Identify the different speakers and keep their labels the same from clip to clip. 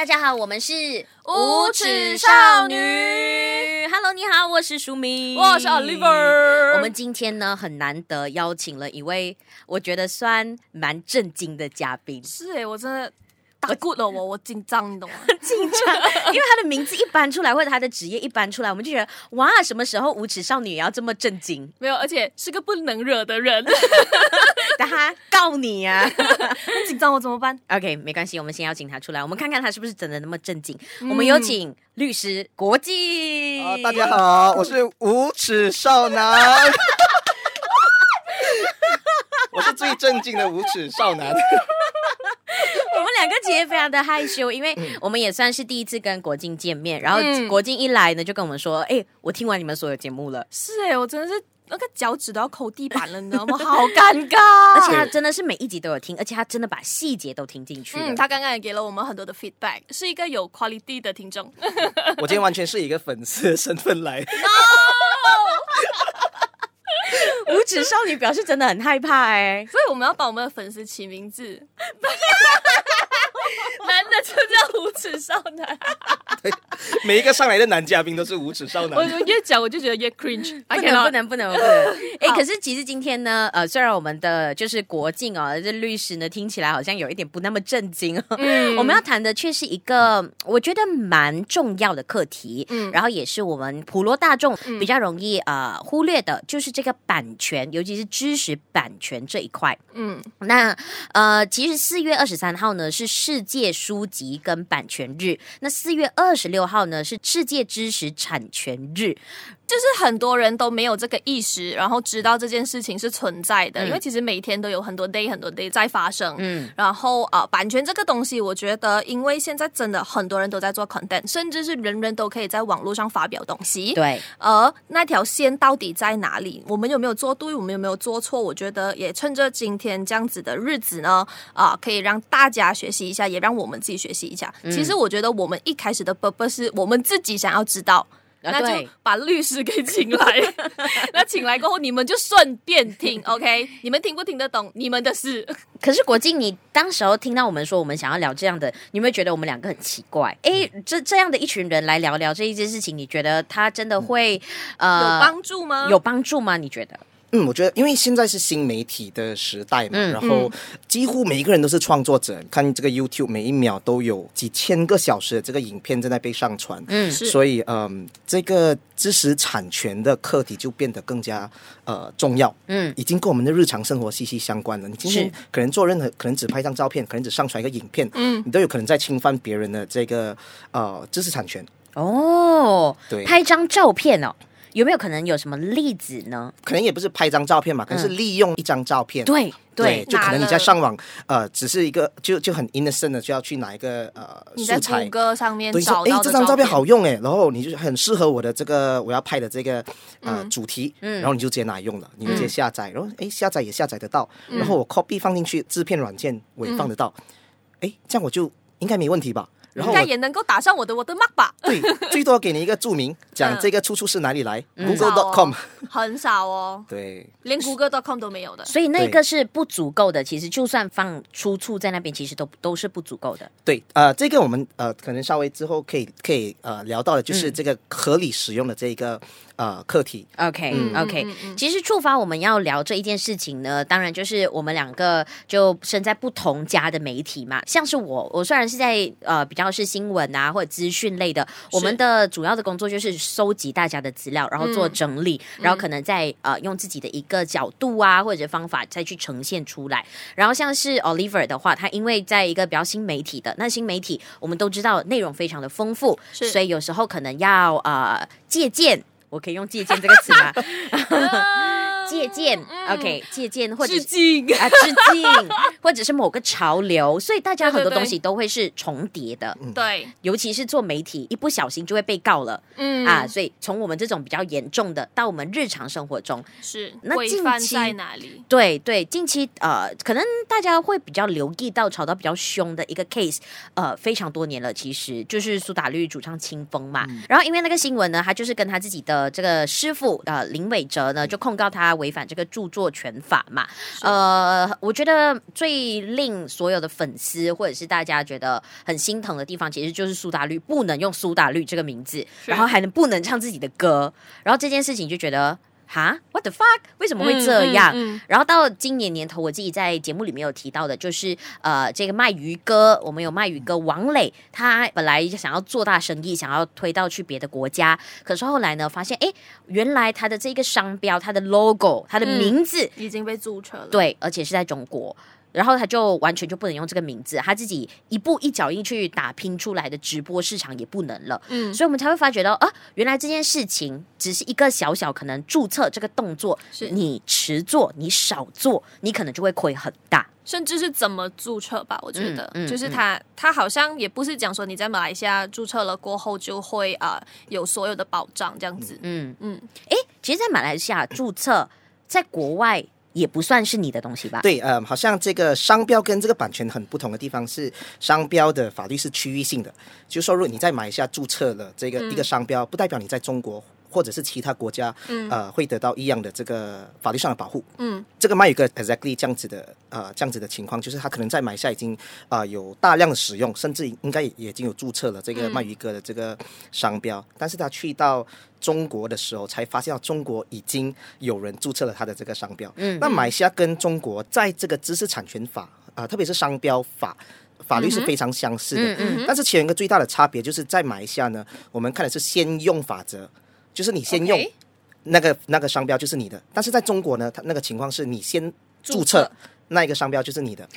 Speaker 1: 大家好，我們是無恥少女。少女 Hello，你好，我是淑敏。我是 Oliver。我們今天呢，很難得邀請了一位，我覺得算蠻震驚的嘉賓。
Speaker 2: 是哎，我真
Speaker 1: 的打過了我，我，我，我緊張的，你懂嗎？緊張，因為他的名字一搬出來，或者他的職業一搬出來，我們就覺得哇，什麼時候無恥少女也要這麼震驚？
Speaker 2: 沒有，而且是個不能惹的人。
Speaker 1: 他告你呀、啊！緊張 我怎麼辦？OK，沒關係，我們先邀請他出來，我們看看他是不是真的那麼正經。嗯、我們有請律師國勁，大家好，我是
Speaker 3: 無恥少男， 我是最正經的無恥少男。
Speaker 1: 我們兩個其實非常的害羞，因為我們也算是第一次跟國勁見面。嗯、然後國勁一來呢，就跟我們說：“哎、欸，我聽完你們所有節目了。”是
Speaker 2: 哎、欸，我真的是。那個腳趾都要摳地板了，你知道嗎？好尷尬！ 而且他
Speaker 1: 真的是每一集都有聽，而且他真的把細節都聽進去。嗯，他
Speaker 2: 剛剛也給了我們很多的 feedback，是一個有 quality 的聽眾。我今天完
Speaker 3: 全是以一個粉絲的身份來。哦，No!
Speaker 2: 五指少女表示真的很害怕哎、欸，所以我們要幫我們的粉絲起名字。 就叫無
Speaker 3: 恥少男， 對，每一個上來的男嘉賓都是無恥少男。我就
Speaker 2: 越講我就覺得越 cringe，OK，不能，不能，不能。哎， 欸、好可是其
Speaker 1: 實今天呢，呃，雖然我們的就是國勁啊、哦，這律師呢聽起來好像有一點不那麼正經哦。嗯，我們要談的卻是一個我覺得蠻重要的課題，嗯，然後也是我們普羅大眾比較容易呃忽略的，就是這個版權，尤其是知識版權這一塊。嗯，那呃，其實四月二十三號呢是世界書籍。及跟版權
Speaker 2: 日，那四月二十六號呢，是世界知識產權日。就是很多人都沒有這個意識，然後知道這件事情是存在的，嗯、因為其實每天都有很多 day，很多 day 在發生。嗯，然後啊、呃，版權這個東西，我覺得，因為現在真的很多人都在做 content，甚至是人人都可以在網絡上發表東西。對。而那條線到底在哪裡？我們有沒有做對？我們有沒有做錯？我覺得也趁着今天這樣子的日子呢，啊、呃，可以讓大家學習一下，也讓我們自己學習一下。嗯、其實我覺得我們一開始的 purpose 是我們自己想要知道。那就把律師給請來 那請來過後，你們就順便聽 ，OK？你們聽不聽得懂，你們的事。
Speaker 1: 可是國勁你當時候聽到我們說我們想要聊這樣的，你會不會覺得我們兩個很奇怪？誒、嗯欸，這這樣的一群人來聊聊這一件事情，你覺得他真的會、嗯、呃
Speaker 3: 有幫助嗎？有幫助嗎？你覺得？嗯，我覺得因為現在是新媒體的時代嘛，嗯、然後幾乎每一個人都是創作者。嗯、看這個 YouTube，每一秒都有幾千個小時的這個影片正在被上傳。嗯，所以，嗯、呃，這個知識產權的課題就變得更加呃重要。嗯，已經跟我們的日常生活息息相關了。你今天可能做任何，可能只拍一張照片，可能只上傳一個影片，嗯，你都有可能在侵犯別人的這個呃知識產權。
Speaker 1: 哦，對，拍張照片哦。有沒有可能有什麼例
Speaker 3: 子呢？可能也不是拍張照片嘛，可能是利用一張照片。對對，就可能你在上網，呃，只是一個就就很 innocent 的就要去拿一個呃素材。谷歌
Speaker 2: 上面，找哎，這張照片好
Speaker 3: 用哎，然後你就很適合我的這個我要拍的這個呃主題，然後你就直接拿來用了，你就直接下載，然後哎下載也下載得到，然後我 copy 放進去製片軟件我也放得到，哎這樣我就應該沒問題吧？應該也
Speaker 2: 能夠打上我的我的 mark 吧？對，
Speaker 3: 最多給你一個註明，講這個出處是哪裡來。嗯、Google.com
Speaker 2: 很少哦，
Speaker 3: 哦對，
Speaker 2: 連 Google.com 都沒有的，所以那個是不足夠
Speaker 1: 的。其實就算放出處在那邊，其實都都是不足夠的。
Speaker 3: 對，呃，這個我們呃，可能稍微之後可以可以呃聊到的，就是這個合理使用的這一個。嗯呃，課題，OK，OK。
Speaker 1: Okay, okay. 嗯、其實觸發我們要聊這一件事情呢，當然就是我們兩個就身在不同家的媒體嘛。像是我，我雖然是在呃比較是新聞啊或者資訊類的，是我們的主要的工作就是收集大家的資料，然後做整理，嗯、然後可能再呃用自己的一個角度啊或者方法再去呈現出來。然後像是 Oliver 的話，他因為在一個比較新媒體的那新媒體，我們都知道內容非常的豐富，是所以有時候可能要呃借鑑。我可以用“借鑒”這個詞嗎？借鑒、嗯嗯、OK，借鑒或者是致敬啊，致敬， 或者是某個潮流，所以大家很多東西都會是重疊的，對，對，對，嗯、對，尤其是做媒體，一不小心就會被告了，嗯啊，所以從我們這種比較嚴重的，到我們日常生活中
Speaker 2: 是，那近期在哪裡？
Speaker 1: 對對，近期呃，可能大家會比較留意到炒得比較兇的一個 case，呃，非常多年了，其實就是蘇打綠主唱青峰嘛，嗯、然後因為那個新聞呢，他就是跟他自己的這個師父呃林暐哲呢就控告他。違反這個著作權法嘛。是呃，我覺得最令所有的粉絲或者是大家覺得很心疼的地方，其實就是蘇打綠不能用蘇打綠這個名字，是然後還能不能唱自己的歌，然後這件事情就覺得。哈、huh?，What the fuck？為什麼會這樣？嗯嗯嗯、然後到今年年頭，我自己在節目裡面有提到的，就是呃，這個賣魚哥，我們有賣魚哥王磊，他本來就想要做大生意，想要推到去別的國家，可是後來呢，發現哎，原來他的這個商標、他的 logo、他的名字、
Speaker 2: 嗯、已經被註冊了，對，
Speaker 1: 而且是在中國。然後他就完全就不能用這個名字，他自己一步一腳印去打拼出來的直播市場也不能了。嗯，所以我們才會發覺到啊，原來這件事情只是一個小小可能註冊這個動作，是你遲做你少做，你可能就會虧很大。
Speaker 2: 甚至是怎麼註冊吧，我覺得，嗯嗯嗯、就是他他好像也不是講說你在馬來西亞註冊了過後就會啊、呃、有所有的保障這樣子。嗯嗯，哎、嗯嗯欸，
Speaker 1: 其實，在馬來西亞註冊，在國外。也不算是你的東西吧？對，
Speaker 3: 嗯、呃，好像這個商標跟這個版權很不同的地方是，商標的法律是區域性的。就說如果你在馬來西亞注冊了這個一個商標，嗯、不代表你在中國，或者是其他國家，嗯、呃，會得到一樣的這個法律上的保護。嗯，這個鰻魚哥 exactly 這樣子的，呃，這樣子的情況，就是他可能在馬來西亞已經啊、呃、有大量的使用，甚至應該也已經有注冊了這個鰻魚哥的這個商標。嗯、但是他去到中國的時候，才發現到中國已經有人注冊了他的這個商標。嗯，那馬來西亞跟中國在這個知識產權法啊、呃，特別是商標法法律是非常相似的。嗯，嗯，但是其中一個最大的差別就是在馬來西亞呢，我們看的是先用法則。就是你先用，那個那個商標就是你的。但是在中國呢，它那個情況是你先註冊那一個商標就是你的。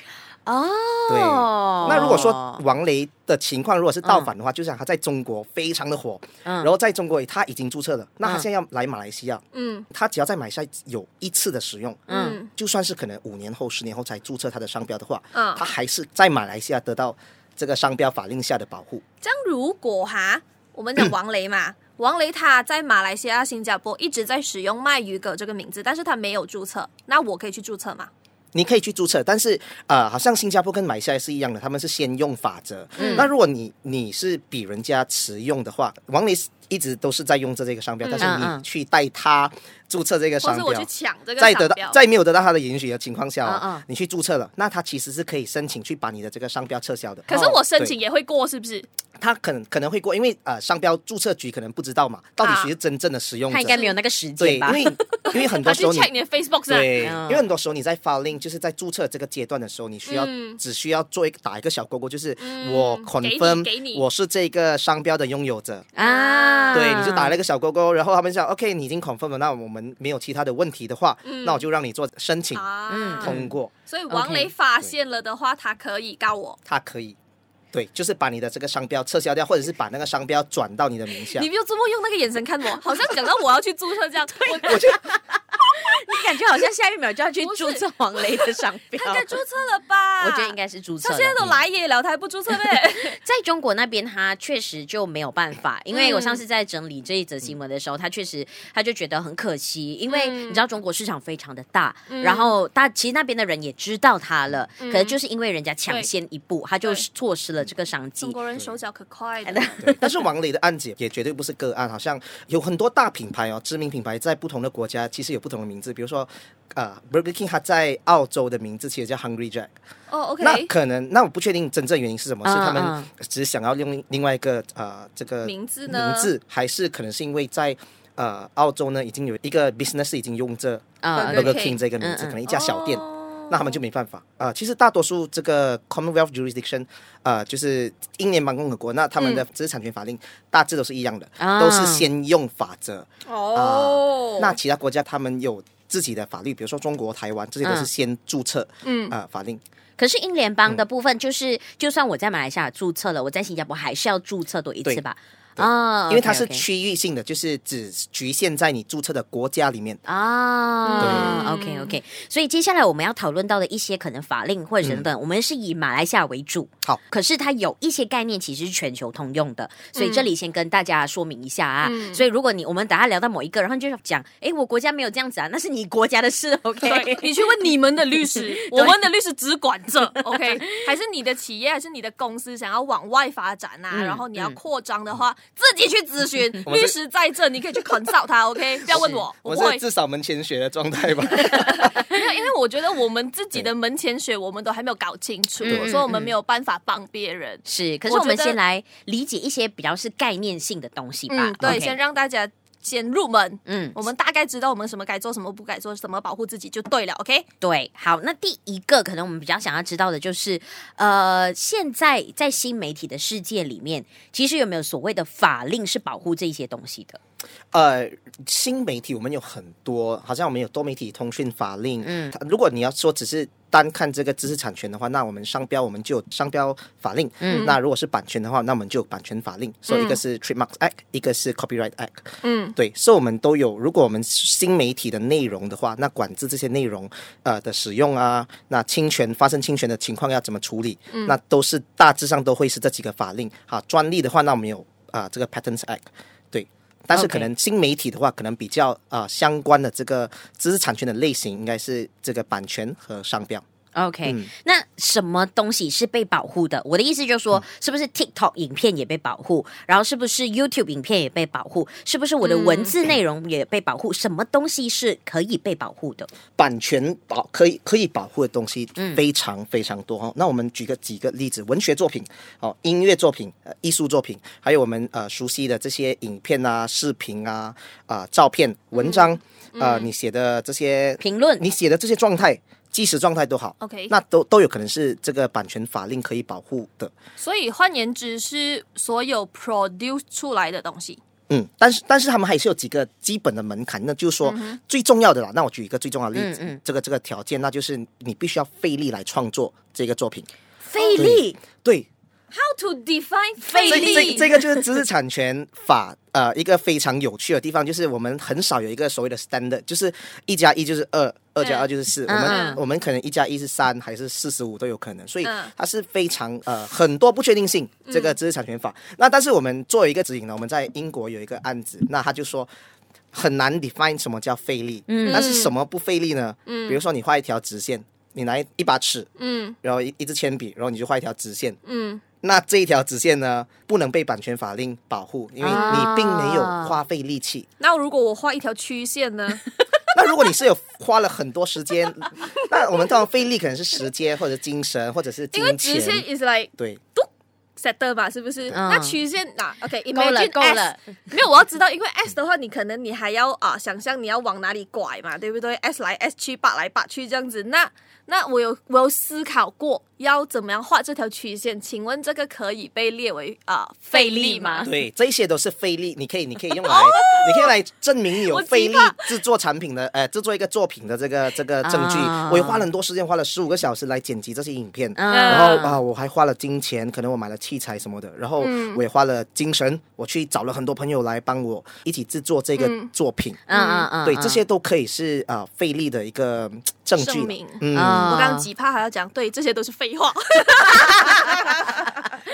Speaker 3: 哦，對。那如果說王雷的情況如果是盜版的話，就像他在中國非常的火，然後在中國他已經註冊了，那他現在要來馬來西亞，嗯，他只要在馬來西亞有一次的使用，嗯，就算是可能五年後、十年後才註冊他的商標的話，嗯，他還是在馬來西亞得到這個商標法令下的保護。
Speaker 2: 這樣如果哈，我們講王雷嘛。王雷他在馬來西亞、新加坡一直在使用“賣魚哥”這個名字，但是他沒有註冊。那我可以去註冊嗎？
Speaker 3: 你可以去註冊，但是呃，好像新加坡跟馬來西亞是一樣的，他們是先用法則。嗯。那如果你你是比人家遲用的話，王雷。一直都是在用這這個商標，但是你去帶他註冊這個商標，在得到在沒有得到他的允許的情況下，你去註冊了，那他其實是可以申請去把你的這個商標撤銷的。可是我申請
Speaker 2: 也會過是不是？
Speaker 3: 他可能可能會過，因為呃商標註冊局可能不知道嘛，到底誰是真正的使用者，他應該沒有那個時間吧？對，因為因為很多時候你
Speaker 2: 對，因為很
Speaker 3: 多時候你在發令，就是在註冊這個階段的時候，你需要只需要做一個打一個小勾勾，就是我 confirm 我是這個商標的擁有者啊。對，你就打了一個小勾勾，然後他們想，OK，你已經 confirm 了，那我們沒有其他的問題的話，嗯、那我就讓你做申請、嗯、通過。所以王磊發
Speaker 2: 現了的話，嗯、他可以對告我。
Speaker 3: 他可以，對，就是把你的這個商標撤銷掉，或者是把那個商標轉到你的名下。你
Speaker 2: 沒有這麼用那個眼神看我，好像講到我要去註冊這樣。我。 你感覺好像下一秒就要去註冊王雷的商標，他應該註冊了吧？
Speaker 1: 我覺得應該是註冊。他現在都來
Speaker 2: 也了，他不註冊唄？
Speaker 1: 嗯、 在中國那邊，他確實就沒有辦法，因為我上次在整理這一則新聞的時候，他確實他就覺得很可惜，因為你知道中國市場非常的大，嗯、然後大，其實那邊的人也知道他了，可能就是因為人家搶先一步，嗯、他就錯失了這個商機。中
Speaker 2: 國人手腳可快
Speaker 1: 的。
Speaker 3: 但是王雷的案件也絕對不是個案，好像有很多大品牌哦，知名品牌在不同的國家其實有不同。名字，比如說，啊、呃、Burger King 它在澳洲的名字其實叫 Hungry Jack。哦、
Speaker 2: oh，OK。那可
Speaker 3: 能，那我不確定真正原因是什麼，uh, 是他們只想要用另外一個啊、呃、這個名字？名字呢還是可能是因為在呃澳洲呢，已經有一個 business 已經用着 Burger King 這個名字，uh, okay. 可能一家小店。Uh, okay. 那他們就沒辦法啊、呃！其實大多數這個 Commonwealth Jurisdiction，、呃、就是英聯邦共和國，那他們的知識產權法令大致都是一樣的，嗯、都是先用法則。哦、
Speaker 2: 啊呃，那
Speaker 3: 其他國家他們有自己的法律，比如說中國、台灣，這些都是先註冊。嗯，啊、呃，法令。
Speaker 1: 可是英聯邦的部分，就是、嗯、就算我在馬來西亞註冊了，我在新加坡還是要
Speaker 3: 註冊多一次吧？
Speaker 1: 啊，因為它是區
Speaker 3: 域性的，就是只局限在你注冊的國家裡面啊。對，OK OK。所以接下來我們要討論到的一些可能
Speaker 1: 法令或者等等，我們是以馬來西亞為主。好，可是它有一些概念其實是全球通用的，所以這裡先跟大家說明一下啊。所以如果你我們等下聊到某一個，然後就要講，哎，我國家沒有這樣子啊，那是你國家的事。OK，你去問
Speaker 2: 你們的律師，我們的律師只管這。OK，還是你的企業還是你的公司想要往外發展啊？然後你要擴張的話。自己去諮詢是律師在這，你可以去 consult 他，OK？不要問我，
Speaker 3: 我是自掃門前雪的狀態吧。
Speaker 2: 因 為 因為我覺得我們自己的門前雪，我們都還沒有搞清楚，對所以我們沒有辦法幫別人。對是，可是我們先來
Speaker 1: 理解一些比較是概念性的東西吧。嗯、對，Okay. 先讓
Speaker 2: 大家。先入門，嗯，我們大概知道我們什麼該做，什麼不該做，什麼保護自己就對了，OK？
Speaker 1: 對，好，那第一個可能我們比較想要知道的就是，呃，現在在新媒體的世界裡面，其實有沒有所謂的法令是保護這些東西的？
Speaker 3: 呃，新媒體我們有很多，好像我們有多媒體通訊法令。嗯，如果你要說只是單看這個知識產權的話，那我們商標我們就有商標法令。嗯、那如果是版權的話，那我們就有版權法令。所以，嗯 so, 一個是 Trademark Act，一個是 Copyright Act。嗯，對，以、so, 我們都有。如果我們新媒體的內容的話，那管制這些內容呃的使用啊，那侵權發生侵權的情況要怎麼處理？嗯，那都是大致上都會是這幾個法令。啊，專利的話，那我們有啊、呃、這個 Patents Act。但是可能新媒體的話，可能比較啊、呃、相關的這個知識產權的類型，應該是這個版權和商標。OK，、嗯、那什麼東西是被保護的？我的意思就是說，嗯、是不是 TikTok 影片也被
Speaker 1: 保護？然後是不是 YouTube 影片也被保護？是不是我的文字內容也被保護？嗯、什
Speaker 3: 麼東西是可以被保護的？版權保可以可以保護的東西非常非常多、嗯、那我們舉個幾個例子：文學作品、哦，音樂作品、呃，藝術作品，還有我們呃熟悉的這些影片啊、視頻啊、啊、呃、照片、文章、啊、嗯嗯呃，你寫的這些評論、你寫的這些狀態。即使狀態都好，OK，那都都有可能是這個版權法令可以保護的。
Speaker 2: 所以換言之，是所有 produce 出來的東西。嗯，但
Speaker 3: 是但是他們還是有幾個基本的門檻，那就是說、嗯、哼最重要的啦。那我舉一個最重要的例子，嗯嗯這個這個條件，那就是你必須要費力來創作這個作品。費力，對。對
Speaker 2: How to define 費力？這這，這個就是知識
Speaker 3: 產權法呃一個非常有趣的地方，就是我們很少有一個所謂的 standard，就是一加一就是二，二加二就是四，嗯。我們、嗯、我們可能一加一是三還是四十五都有可能，所以它是非常呃很多不確定性。這個知識產權法，嗯、那但是我們作為一個指引呢，我們在英國有一個案子，那他就說很難 define 什麼叫費力，嗯、但是什麼不費力呢？嗯，比如說你畫一條直線，你拿一把尺，嗯，然後一一支鉛筆，然後你就畫一條直線，嗯。那這一條直線呢，不能被版權法令保護，因為你並沒有花費力氣。啊、
Speaker 2: 那如果我畫一條曲線呢？
Speaker 3: 那如果你是有花了很多時間， 那我們通常費力可能是時間或者精神或者是因為直線 is like 對
Speaker 2: ，setter 吧，是不是？嗯、那曲線啊，OK，imagine S，沒有，我要知道，因為 S 的話，你可能你還要啊，想象你要往哪裡拐嘛，對不對？S 來 S 去，把來把去這樣子。那那我有我有思考過。要怎麼樣畫這條曲線？請問這個可以被列為啊費力嗎？費力嗎？對，
Speaker 3: 這些都是費力，你可以，你可以用來， 你可以來證明你有費力制作產品的，期呃，制作一個作品的這個這個證據。啊、我也花了很多時間，花了十五個小時來剪輯這些影片，啊、然後啊、呃，我還花了金錢，可能我買了器材什麼的，然後我也花了精神，我去找了很多朋友來幫我一起制作這個作品。嗯嗯、啊啊啊啊、嗯，對，這些都可以是啊、呃、費力的一個。明，嗯，嗯，我剛剛幾
Speaker 2: 趴還要講。對，這些都是廢話。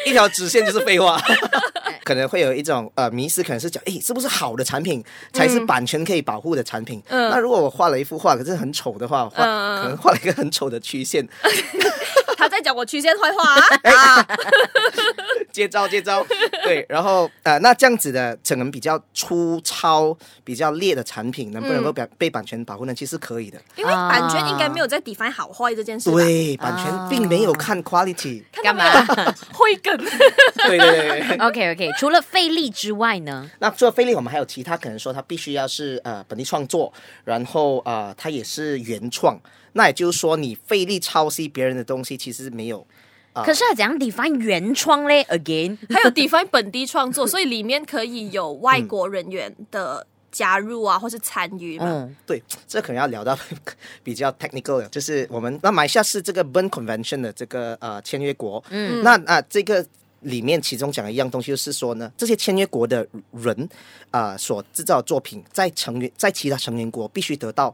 Speaker 3: 一條直線就是廢話， 可能會有一種呃迷思，可能是講，哎、欸，是不是好的產品才是版權可以保護的產品？嗯、那如果我畫了一幅畫，可是很醜的話，我畫、嗯、可能畫了一個很醜的曲線。
Speaker 2: 嗯、他在講我曲線壞話啊！
Speaker 3: 接招，接招！對，然後呃，那這樣子的可能比較粗糙、比較劣的產品，嗯、能不能夠被版權保護呢？其實可以的，因
Speaker 2: 為版權應該沒有在 define 好壞這件事。對，版權並
Speaker 3: 沒有看 quality，幹嘛？ 會
Speaker 2: 梗， 對對對,
Speaker 1: 對。 OK OK，除了費力之外呢？
Speaker 3: 那除了費力，我們還有其他可能說，它必須要是呃本地創作，然後啊、呃，它也是原創。那也就是說，你費力抄襲別人的東西，其實沒有。呃、可是、啊、
Speaker 1: 怎樣？define 原創嘞？Again，
Speaker 2: 還有 define 本地創作，所以裡面可以有外國人員的、嗯。加入啊，或是參與
Speaker 3: 嗯，對，這可能要聊到比較 technical 了。就是我們那馬來西亞是這個《Berne Convention》的這個呃簽約國。嗯，那啊、呃，這個裡面其中講的一樣東西就是說呢，這些簽約國的人啊、呃、所製造的作品，在成員在其他成員國必須得到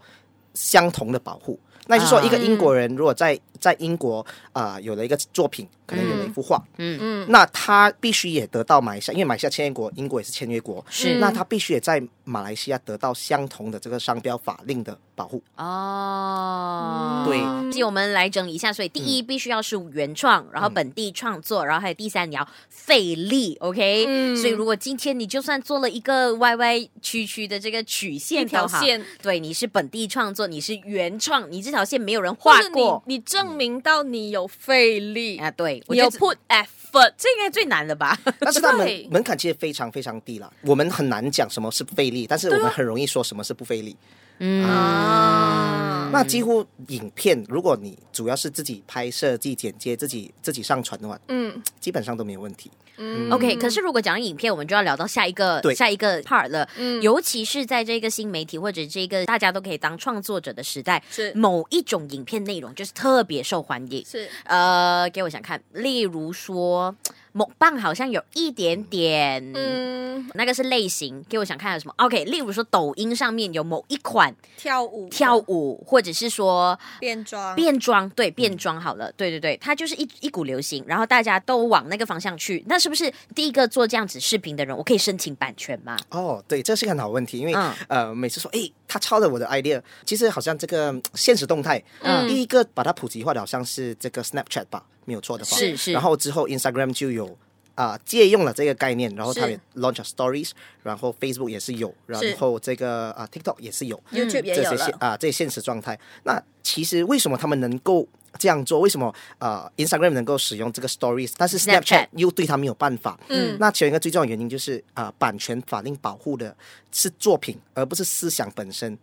Speaker 3: 相同的保護。那就是說，一個英國人如果在、嗯、在英國啊、呃、有了一個作品。可能有了一幅畫，嗯嗯，嗯那他必須也得到馬來西亞，因為馬來西亞簽約國，英國也是簽約國，是，那他必須也在馬來西亞得到相同的這個商標法令的保護。哦、
Speaker 1: 啊，對，所以我們來整理一下，所以第一必須要是原創，嗯、然後本地創作，然後還有第三你要費力，OK？、嗯、所以如果今天你就算做了一個歪歪曲曲的這個曲線條線，對，你是本地創作，你是原創，你這條線沒有人畫過，你，你
Speaker 2: 證明到你有費力、嗯、啊？對。要 put effort，我這應該最難的吧？但
Speaker 1: 是他們
Speaker 3: 門檻其實非常非常低了。 對我們很難講什麼是費力，但是我們很容易說什麼是不費力。嗯、啊。啊那幾乎影片，如果你主要是自己拍、設計、剪接、自己自己上傳的話，嗯，基本上都沒有問題。
Speaker 1: 嗯，OK。可是如果講影片，我們就要聊到下一個對下一個 part 了。嗯，尤其是在這個新媒體或者這個大家都可以當創作者的時代，是某一種影片內容就是特別受歡迎。是呃，給我想看，例如說。某棒好像有一點點，嗯，那個是類型，給我想看的什麼？OK，例如說抖音上面有某一款跳舞跳舞，或者是說
Speaker 2: 變裝變
Speaker 1: 裝，對，變裝好了，對對對，它就是一一股流行，然後大家都往那個方向去，那是不是第一個做這樣子視頻的人，我可以申請版權嗎？
Speaker 3: 哦，對，這是個很好問題，因為、嗯、呃，每次說哎他抄了我的 idea，其實好像這個限時動態，嗯，第一個把它普及化的好像是這個 Snapchat 吧。沒有錯的話，是是。然後之後，Instagram 就有啊，借用了這個概念，然後他也 launch stories，然後 Facebook 也是有，然後這個啊，TikTok 也是有，YouTube 也有啊，這些現實狀態。那其實為什麼他們能夠這樣做？為什麼啊，Instagram 能夠使用這個 stories，但是 Snapchat 又對他們沒有辦法？嗯，那其中一個最重要的原因就是啊，版權法令保護的是作品，而不是思想本身。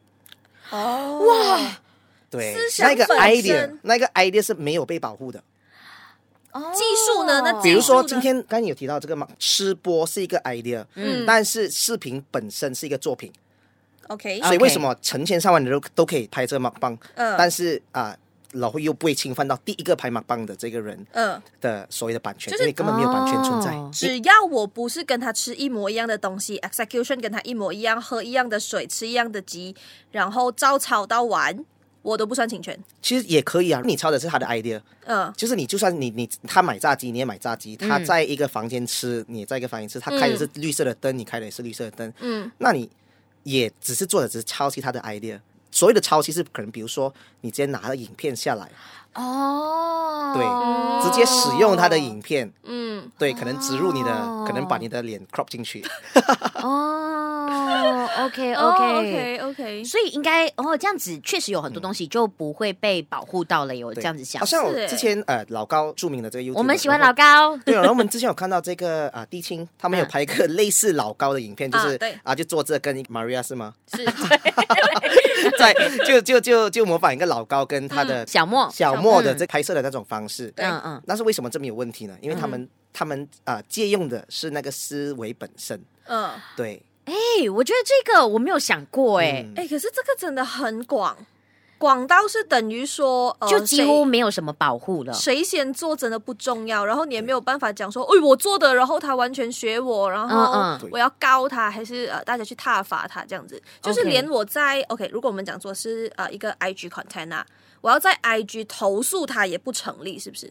Speaker 3: 哦哇，對，那個 idea，那個 idea 是沒有被保護的。
Speaker 2: 技術呢？那呢比如說
Speaker 3: 今天剛剛有提到這個嘛，吃播是一個 idea，嗯，但是視頻本身是一個作品。
Speaker 2: OK，所以為什麼
Speaker 3: 成千上萬人都都可以拍這個 mukbang 嗯，但是啊、呃，老會又不會侵犯到第一個拍 mukbang 的這個人，嗯的所謂的版權，就是因為根本沒有版權存在。只
Speaker 2: 要我不是跟他吃一模一樣的東西，execution 你跟他一模一樣，喝一樣的水，吃一樣的雞，然後照抄到完。我都不算侵權，
Speaker 3: 其實也可以啊。你抄的是他的 idea，嗯、呃，就是你就算你你他買炸雞，你也買炸雞。他在一個房間吃，嗯、你也在一個房間吃。他開的是綠色的燈，嗯、你開的也是綠色的燈。嗯，那你也只是做的，只是抄襲他的 idea。所謂的抄襲是可能，比如說你直接拿了影片下來，哦，對，直接使用他的影片，嗯，對，可能植入你的，哦、可能把你的臉 crop 進去。哦。
Speaker 2: 哦，OK，OK，OK，OK，
Speaker 1: 所以應該哦，這樣子確實有很多東西就不會被保護到了。喲。這樣子想，好像我之前
Speaker 3: 呃，老高著名的這個 U，我們喜歡老高，對，然後我們之前有看到這個啊，地青他們有拍一個類似老高的影片，就是對啊，就做這跟 Maria 是嗎？是，在就就就就模仿一個老高跟他的小莫小莫的這拍攝的那種方式，嗯嗯，那是為什麼這麼有問題呢？因為他們他們啊，借用的是那個思維本身，嗯，對。哎、欸，我覺得這個我沒有想過、欸，哎、嗯，
Speaker 2: 哎、欸，可是這個真的很廣，廣到是等於說，呃、就幾乎
Speaker 1: 沒有什麼保護
Speaker 2: 了。誰先做真的不重要，然後你也沒有辦法講說，對哎，我做的，然後他完全學我，然後我要告他，還是呃，大家去撻伐他這樣子，就是連我在 okay, OK，如果我們講做是呃一個 IG content 我要在 IG 投訴他也不成立，是不是？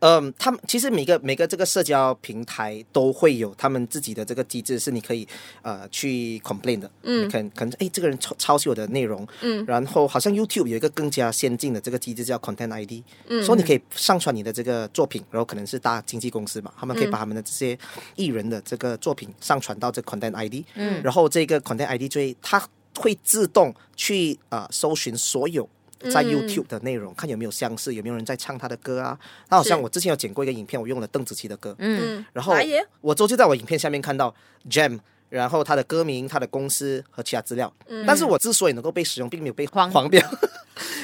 Speaker 3: 嗯，他們其實每個每個這個社交平台都會有他們自己的這個機制，是你可以呃去 complain 的。嗯，可可能誒、欸、這個人抄抄襲我的內容。嗯，然後好像 YouTube 有一個更加先進的這個機制叫 Content ID，嗯，所以你可以上傳你的這個作品，然後可能是大經紀公司嘛，他們可以把他們的這些藝人的這個作品上傳到這個 Content ID。嗯，然後這個 Content ID 就會，它會自動去呃搜尋所有。在 YouTube 的內容，嗯、看有沒有相似，有沒有人在唱他的歌啊？那好像我之前有剪過一個影片，我用了鄧紫棋的歌，嗯，然後我直就在我影片下面看到 G.E.M.，然後他的歌名、他的公司和其他資料，嗯、但是我之所以能夠被使用，並沒有被黃標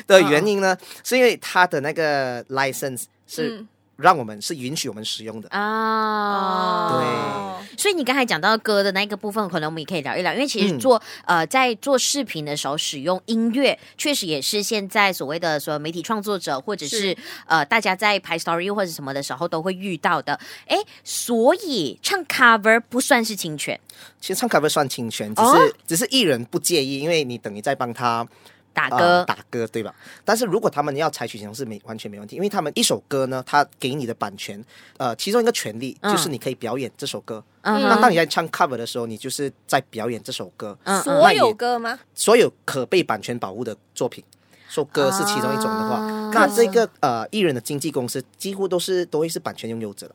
Speaker 3: 的原因呢，哦、是因為他的那個 License 是、嗯。讓我們是允許我們使用的啊，哦、對。
Speaker 1: 所以你剛才講到歌的那個部分，可能我們也可以聊一聊。因為其實做、嗯、呃，在做視頻的時候使用音樂，確實也是現在所謂的所有媒體創作者或者是，是呃，大家在拍 story 或者什麼的時候都會遇到的。哎，所以唱 cover
Speaker 3: 不算是侵權。其實唱 cover 算侵權，只是、哦、只是藝人不介意，因為你等於在幫他打歌、呃，打歌，對吧？但是如果他們要採取形式，沒完全沒問題，因為他們一首歌呢，他給你的版權，呃，其中一個權利就是你可以表演這首歌。那、嗯、當你在唱 cover 的時候，你就是在表演這首歌。所有歌嗎？所有可被版權保護的作品，說歌是其中一種的話，那、啊、這個呃，藝人的經紀公司幾乎都是都會是版權擁有者了。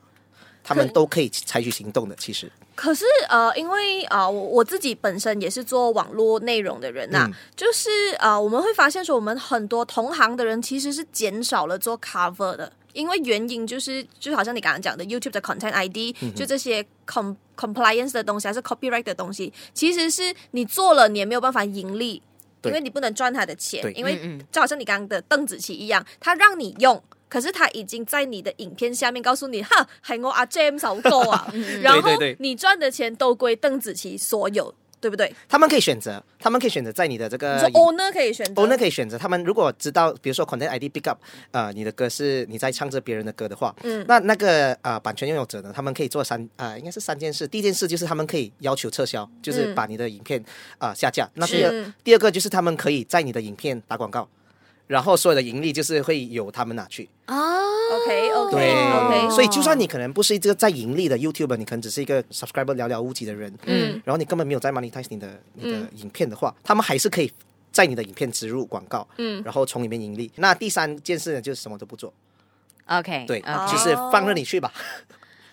Speaker 3: 他們都可以採取行動的，其實。
Speaker 2: 可是呃，因為啊、呃，我我自己本身也是做網絡內容的人吶、啊，嗯、就是呃，我們會發現說，我們很多同行的人其實是減少了做 cover 的，因為原因就是，就好像你剛剛講的 YouTube 的 Content ID，、嗯、哼就這些 com compliance 的東西還是 Copyright 的東西，其實是你做了你也沒有辦法盈利，對因為你不能賺他的錢，對因為，就好像你剛剛的鄧紫棋一樣，他讓你用。可是他已經在你的影片下面告訴你，哈，喊我阿 J M 掃狗啊，然後你賺的錢都歸鄧紫棋所有，對不對？
Speaker 3: 他們可以選擇，他們可以選擇在你的這個
Speaker 2: ，owner 可以選擇，owner 可
Speaker 3: 以選擇。他們如果知道，比如說 Content ID pick up，呃，你的歌是你在唱着別人的歌的話，嗯，那那個，呃，版權擁有者呢，他們可以做三，呃，應該是三件事。第一件事就是他們可以要求撤銷，就是把你的影片啊，嗯，呃，下架。那第二，嗯，第二個就是他們可以在你的影片打廣告。然後所有的盈利，就是會由他們拿去
Speaker 2: 啊、oh，OK OK OK，oh. 所以就
Speaker 3: 算你可能不是一個在盈利的 YouTuber，你可能只是一個 subscriber 寥寥無幾的人，嗯，mm. 然後你根本沒有在 monetize 的你的影片的話，他們還是可以在你的影片植入廣告，嗯，mm. 然後從裡面盈利。那第三件事呢，就是什麼都不做
Speaker 1: ，OK，對，okay. 就是放任你去吧。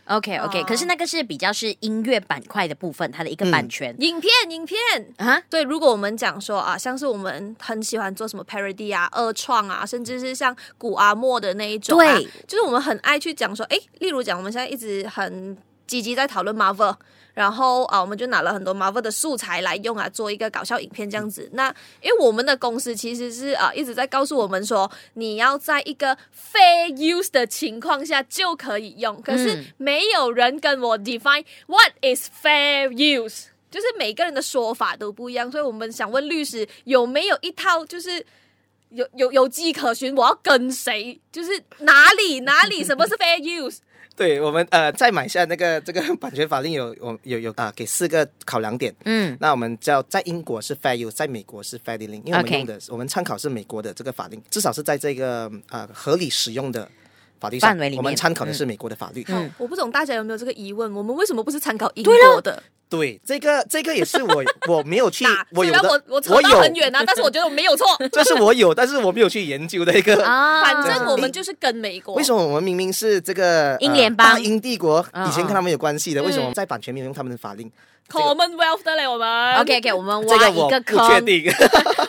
Speaker 1: OK，OK，okay, okay,、啊、可是那個是比較是音樂板塊的部分，它的一個版權，嗯、
Speaker 2: 影片，影片啊，對，如果我們講說啊，像是我們很喜歡做什麼 parody 啊、二創啊，甚至是像古阿莫的那一種、啊、對就是我們很愛去講說，哎、欸，例如講我們現在一直很積極在討論 Marvel。然後啊，我們就拿了很多 Marvel 的素材來用啊，做一個搞笑影片這樣子。嗯、那因為我們的公司其實是啊，一直在告訴我們說，你要在一個 fair use 的情況下就可以用，可是沒有人跟我 define what is fair use，、嗯、就是每個人的說法都不一樣，所以我們想問律師有沒有一套就是。有有有跡可循，我要跟誰？就是哪裡哪裡？什麼是 fair use？
Speaker 3: 對我們呃，再買下那個這個版權法令有我有有啊、呃，給四個考量點。嗯，那我們叫在英國是 fair use，在美國是 fair dealing。因為我們用的，Okay. 我們參考是美國的這個法令，至少是在這個啊、呃、合理使用的法律上。我們參考的是美國的法律。嗯，嗯，我
Speaker 2: 不懂大家有沒有這個疑問？我們為什麼不是參考英國的？
Speaker 3: 對，這個這個也是我我沒有去， 打我有的我我錯到很遠啊，有 但是我覺
Speaker 2: 得我沒有錯，這 是我有，但
Speaker 3: 是我沒有去研究的一個。啊就是、反正我們
Speaker 2: 就是跟美國。為
Speaker 3: 什麼我們明明是這個、呃、英聯邦、英帝國，以前跟他們有關係的，啊啊為什麼在版權沒有用他們的法令？嗯
Speaker 2: Commonwealth 的嘞，我們。OK OK，我們挖一個坑，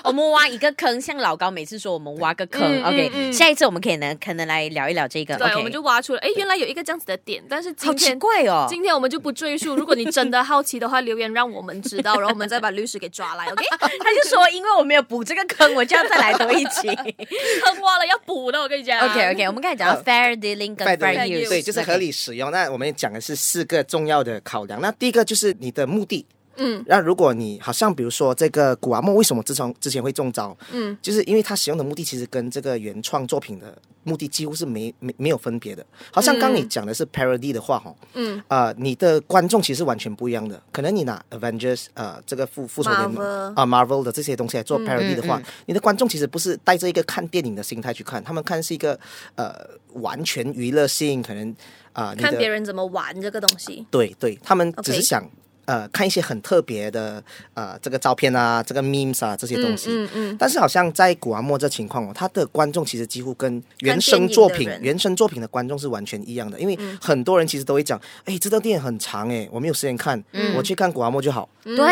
Speaker 1: 我們挖一個坑，像老高每次說我們挖個坑，OK，下一次我們可以能可能來聊一聊這個，對，我們就
Speaker 2: 挖出了，哎，原來有一個這樣子的點，但是好奇怪哦，今天我們就不贅述。如果你真的好奇的話，留言讓我們知道，然後我們再把律師給抓來，OK？他就說，因為我沒有補這個坑，我就要再來多一期。坑挖了要補的，我跟你講。OK OK，我們剛才講到
Speaker 1: fair dealing 跟 fair use，對，就是合理
Speaker 3: 使用。那我們講的是四個重要的考量，那第一個就是你的。目的，嗯，那如果你好像比如說這個古阿莫為什麼自從之前會中招，嗯，就是因為他使用的目的其實跟這個原創作品的目的幾乎是沒沒沒有分別的。好像剛，剛你講的是 parody 的話，哈，嗯，啊、呃，你的觀眾其實完全不一樣的。可能你拿 Avengers 啊、呃、這個復復仇聯盟啊 Marvel 的這些東西來做 parody 的話，嗯嗯嗯、你的觀眾其實不是帶着一個看電影的心態去看，他們看是一個呃完全娛樂性，可能啊、呃、看別人
Speaker 2: 怎麼玩這個東西。
Speaker 3: 對對，他們只是想。Okay 呃，看一些很特別的呃這個照片啊，這個 memes 啊，這些東西，嗯嗯，嗯嗯但是好像在《古阿莫》這情況哦，他的觀眾其實幾乎跟原生作品、原生作品的觀眾是完全一樣的，因為很多人其實都會講，哎，這個電影很長、欸，哎，我沒有時間看，嗯、我去看《古阿莫》就好，嗯、對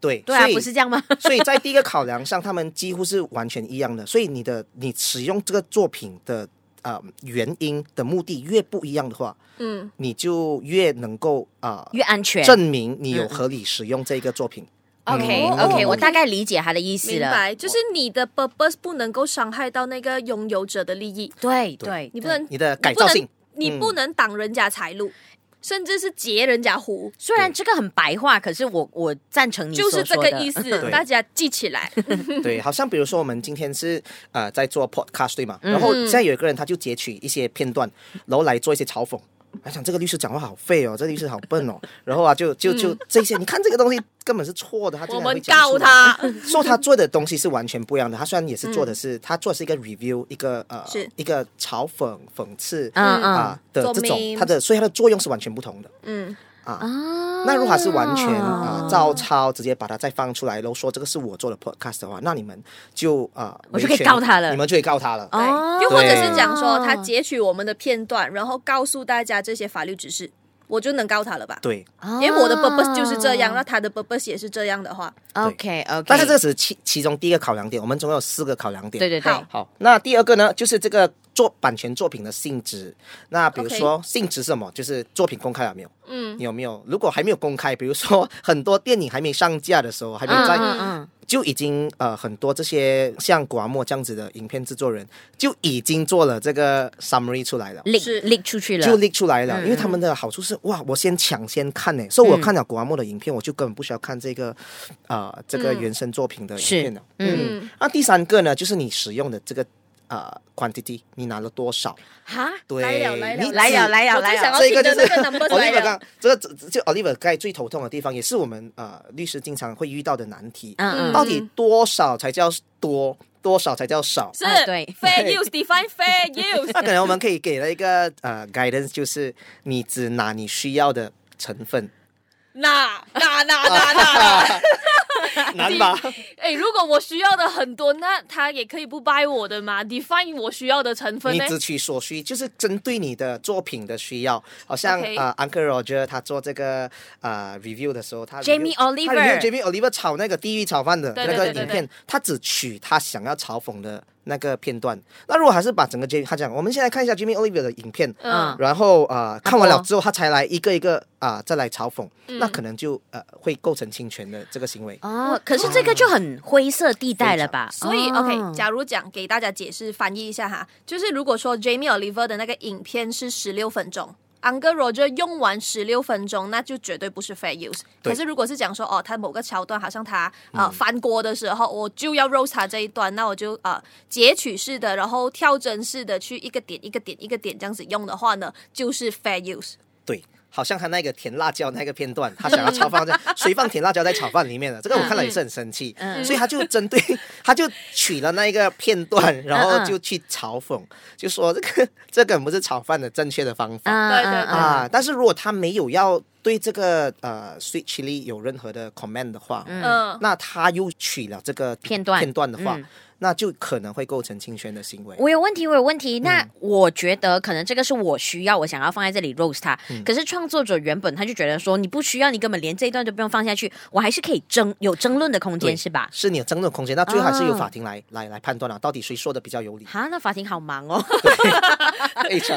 Speaker 3: 對所以對、啊、不是這樣嗎？ 所以在第一個考量上，他們幾乎是完全一樣的，所以你的你使用這個作品的。呃，原因的目的越不一樣的話，嗯，你就越能夠啊，呃、越安全，證明你有合理使用這個作品。OK，OK，我大
Speaker 2: 概理解
Speaker 1: 他的意
Speaker 3: 思了。明白，
Speaker 2: 就是你的 purpose 不能夠傷害到那個擁有者的利益。對對，對你不能你的改造性你，你不能擋人家財路。嗯甚至是截人家胡，雖然這個很白話，可是我我贊成你說說，就是這個意思， 對大家記起來。
Speaker 3: 對，好像比如說我們今天是呃在做 podcast 對嗎？然後現在有一個人他就截取一些片段，然後來做一些嘲諷。還想、啊、這個律師講話好廢哦，這個律師好笨哦。然後啊，就就就、嗯、這些，你看這個東西根本是錯的，他怎麼會講，我們告他說他做的東西是完全不一樣的。他雖然也是做的是，嗯、他做的是一個 review，一個呃，是一個嘲諷、諷刺啊的這種，名他的所以他的作用是完全不同的。嗯。
Speaker 2: 啊，那如果是完全啊
Speaker 3: 照抄，直接把它再放出來，然後說這個是我做的 podcast 的話，那你們就啊，呃，我就可以告他了。你們就可以告他了。Oh, 對，又或者是講
Speaker 2: 說他截取我們的片段，然後告訴大家這些法律知識，我就能告他了吧？對，oh. 因為我的 purpose 就是這樣，那他的 purpose 也是這樣的話。
Speaker 3: 對 OK OK。但是這是其其中第一個考量點，我們總共有四個考量點。對對對，好，好。那第二個呢，就是這個。做版權作品的性質，那比如說性質是什麼？Okay. 就是作品公開了沒有？嗯，有沒有？如果還沒有公開，比如說很多電影還沒上架的時候，還沒在，啊啊啊啊就已經呃，很多這些像古阿莫這樣子的影片制作人就已經做了這個 summary 出來了，leak< 是>出去了，就 leak 出來了。嗯、因為他們的好處是，哇，我先搶先看呢，嗯、所以我看了古阿莫的影片，我就根本不需要看這個啊、呃，這個原生作品的影片了。嗯，嗯嗯，那第三個呢，就是你使用的這個。呃，quantity，你拿了多少？哈，對，來了來了來了。來了，這個就是這個就 Oliver 剛才最頭痛的地方，也是我們呃律師經常會遇到的難題。嗯，到底多少才叫多，多少才叫少？是
Speaker 2: 對，fair use define fair use。那可能我們
Speaker 3: 可以給了一個呃 guidance，就是你只拿你需要的成分。
Speaker 2: 那，那，那，那。拿！難吧？哎，如果我需要的很多，那他也可以不掰我的嘛？Define 我需要的成分，你只取
Speaker 3: 所需，就是針對你的作品的需要。好、哦、像啊 Okay.、呃、，Uncle Roger 他做這個啊、呃、review 的時候，他 review, Jamie Oliver，Jamie Oliver 炒 Oliver 那個地獄炒飯的那個影片，對對對對對，他只取他想要嘲諷的。那個片段，那如果還是把整個 Jamie，他講，我們先來看一下 Jamie Oliver 的影片，嗯，然後啊，呃、看完了之後他才來一個一個啊、呃，再來嘲諷，嗯、那可能就呃會構成侵權的這個行為。哦，可是這個就很灰色地帶了吧？非常。所以、哦、OK，
Speaker 2: 假如講給大家解釋翻譯一下哈，就是如果說 Jamie Oliver 的那個影片是十六分鐘。Uncle Roger 用完十六分鐘，那就絕對不是 fair use。對可是如果是講說，哦，他某個橋段好像他呃、嗯、翻鍋的時候，我就要 roast 他這一段，那我就呃截取式，的，然後跳幀式的去一個點一個點一個點這樣子用的話呢，就是 fair use。
Speaker 3: 對。好像他那個甜辣椒那個片段，他想要炒飯，誰 放甜辣椒在炒飯裡面了？這個我看了也是很生氣，嗯、所以他就針對，他就取了那一個片段，然後就去嘲諷，就說這個這個不是炒飯的正確的方法，對對、嗯嗯嗯、啊。但是如果他沒有要。對這個呃 Sweet Chili 有任何的 comment 的話，嗯，那他又取了這個片段片段的話，那就可能會構成侵權的行為。
Speaker 1: 我有問題，我有問題。那我覺得可能這個是我需要，我想要放在這裡 roast 他。可是創作者原本他就覺得說，你不需要，你根本連這一段都不用放下去，我還是可以爭有爭論的空間，是吧？是你有爭論空間。那最後還是由法
Speaker 3: 庭來來來判斷了，到底誰說的比較有理。
Speaker 1: 哈，那法庭好忙哦，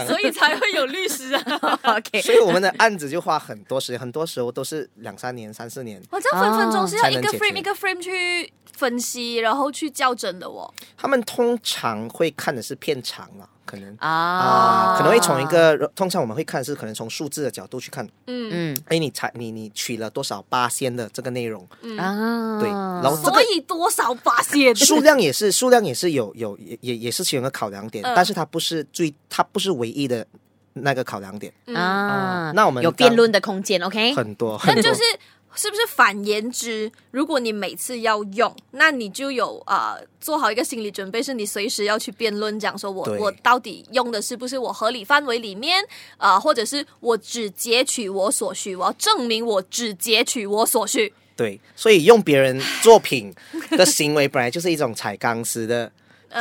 Speaker 1: 所
Speaker 3: 以才
Speaker 2: 會有律師啊。OK，所以我們
Speaker 3: 的案子就花很多。時間很多時候都是兩三年、三四年，我、啊、這分分鐘是要一個 frame 一個
Speaker 2: frame 去分析，然後去校正的哦。
Speaker 3: 他們通常會看的是片長了，可能啊、啊，可能會從一個通常我們會看的是可能從數字的角度去看，嗯嗯，哎，你採你你取了多少巴仙的這個內容
Speaker 2: 啊？嗯、對，然後、這個、所以多少巴仙數量
Speaker 3: 也是數量也是有有也也也是其中一個考量點，呃、但是它不是最，它不是唯一的。那個考量點啊、嗯嗯，那我們有辯論
Speaker 1: 的空間，OK？很多很
Speaker 3: 多，但 就是
Speaker 2: 是不是反言之，如果你每次要用，那你就有啊、呃、做好一個心理準備，是你隨時要去辯論，講說我對我到底用的是不是我合理範圍裡面啊、呃，或者是我只截取我所需，我要證明我只截取我所需。
Speaker 3: 對，所以用別人作品的行為本來就是一種踩鋼絲的。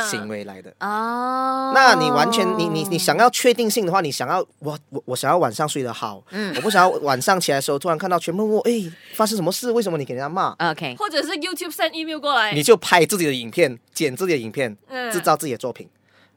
Speaker 3: 行為來的哦，uh, oh, 那你完全你你你想要確定性的話，你想要我我我想要晚上睡得好，嗯，我不想要晚上起來的時候突然看到全部我哎、欸、發生什麼事，為什麼你給人家罵？OK，或
Speaker 2: 者是 YouTube send email 過來，你就
Speaker 3: 拍自己的影片，剪自己的影片，uh, 製造自己的作品，